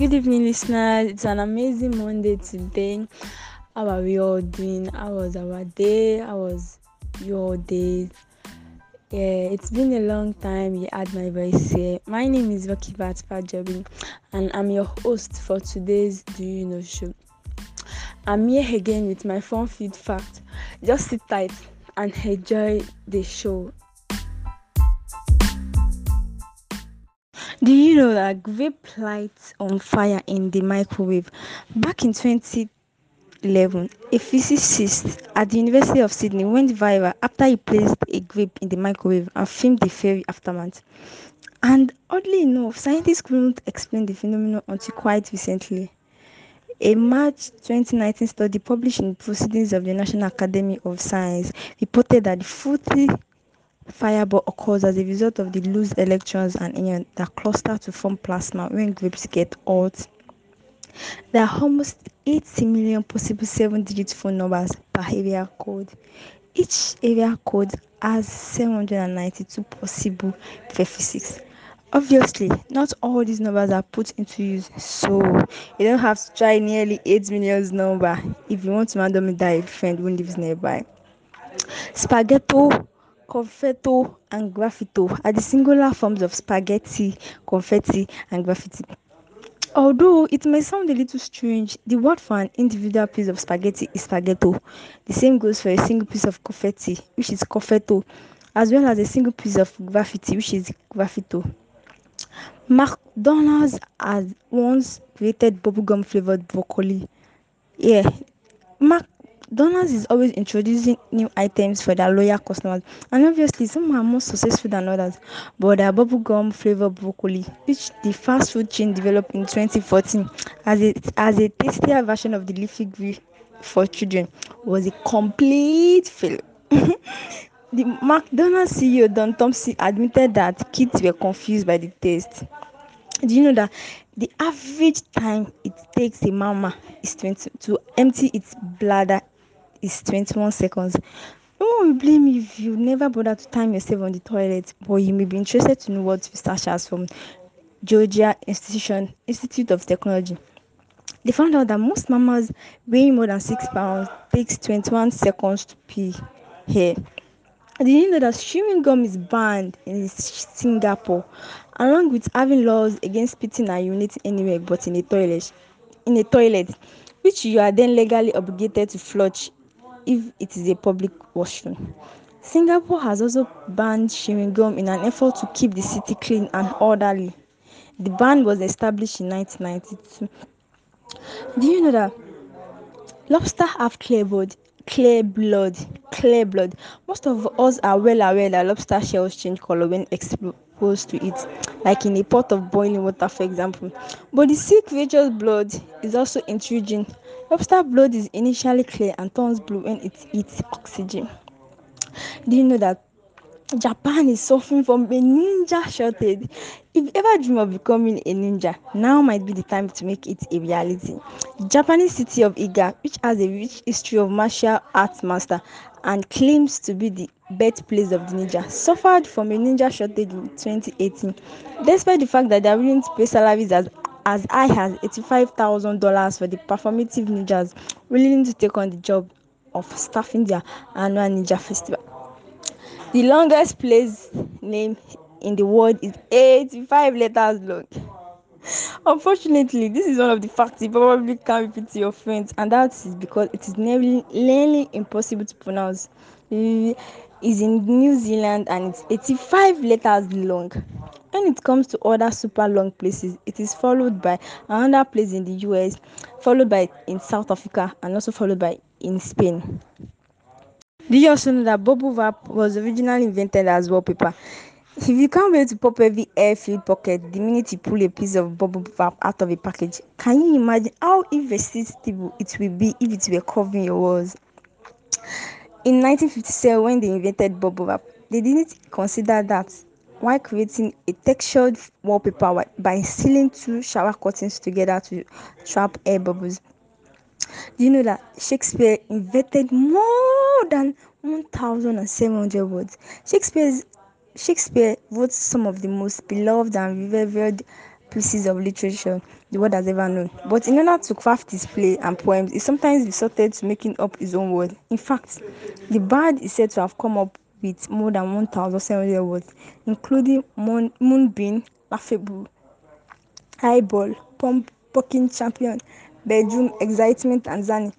Good evening, listeners. It's an amazing Monday today. How are we all doing? How was our day? How was your day? Yeah, it's been a long time you had my voice here. My name is Vakivat Pajabi, and I'm your host for today's Do You Know Show. I'm here again with my fun feed fact. Just sit tight and enjoy the show. Do you know that grape lights on fire in the microwave? Back in 2011, a physicist at the University of Sydney went viral after he placed a grape in the microwave and filmed the fiery aftermath. And oddly enough, scientists couldn't explain the phenomenon until quite recently. A March 2019 study published in Proceedings of the National Academy of Science reported that the 40 Fireball occurs as a result of the loose electrons and ions that cluster to form plasma when groups get hot. There are almost 80 million possible seven-digit phone numbers per area code. Each area code has 792 possible prefixes. Obviously, not all these numbers are put into use, so you don't have to try nearly 8 million number if you want to randomly die a friend who lives nearby. Spaghetto confetto and graffito are the singular forms of spaghetti, confetti, and graffiti. Although it may sound a little strange, the word for an individual piece of spaghetti is spaghetto. The same goes for a single piece of confetti, which is confetto, as well as a single piece of graffiti, which is graffito. McDonald's has once created bubblegum flavored broccoli. Yeah, Mac Donuts is always introducing new items for their loyal customers, and obviously some are more successful than others. But their bubblegum flavor broccoli, which the fast food chain developed in 2014 as a, as a tastier version of the leafy green for children, was a complete fail. the McDonald's CEO Don Thompson admitted that kids were confused by the taste. Do you know that the average time it takes a mama is 20 to empty its bladder is 21 seconds. No one will blame you if you never bother to time yourself on the toilet, but you may be interested to know what has from Georgia Institution Institute of Technology. They found out that most mammals weighing more than six pounds takes 21 seconds to pee here. Did you know that chewing gum is banned in Singapore, along with having laws against spitting a unit anywhere but in a toilet, in a toilet, which you are then legally obligated to flush if it is a public washroom. Singapore has also banned chewing gum in an effort to keep the city clean and orderly. The ban was established in 1992. Do you know that lobsters have clear body clear blood clear blood most of us are well aware that lobster shells change color when exposed to it like in a pot of boiling water for example but the sea creature's blood is also intriguing lobster blood is initially clear and turns blue when it eats oxygen do you know that Japan is suffering from a ninja shortage. If you ever dream of becoming a ninja, now might be the time to make it a reality. The Japanese city of Iga, which has a rich history of martial arts master and claims to be the birthplace of the ninja, suffered from a ninja shortage in 2018, despite the fact that they are willing to pay salaries as as high as $85,000 for the performative ninjas willing to take on the job of staffing their annual ninja festival. The longest place name in the world is 85 letters long. Unfortunately, this is one of the facts you probably can't repeat to your friends, and that is because it is nearly, nearly impossible to pronounce. It is in New Zealand and it's 85 letters long. When it comes to other super long places, it is followed by another place in the US, followed by in South Africa, and also followed by in Spain. Do you also know that bubble wrap was originally invented as wallpaper? If you can't wait to pop every air-filled pocket the minute you pull a piece of bubble wrap out of a package, can you imagine how irresistible it will be if it were covering your walls? In 1957, when they invented bubble wrap, they didn't consider that while creating a textured wallpaper by sealing two shower curtains together to trap air bubbles. Do you know that Shakespeare invented more than 1,700 words? Shakespeare's, Shakespeare wrote some of the most beloved and revered pieces of literature the world has ever known. But in order to craft his play and poems, he sometimes resorted to making up his own words. In fact, the bard is said to have come up with more than 1,700 words, including moon, moonbeam, laughable, eyeball, pump, poking champion, bedroom excitement and zany.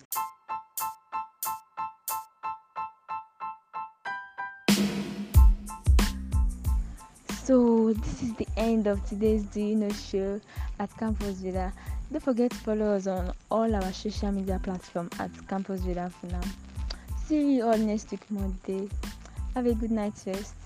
So this is the end of today's Do You Know show at Campus Villa. Don't forget to follow us on all our social media platforms at Campus Villa for now. See you all next week Monday. Have a good night first.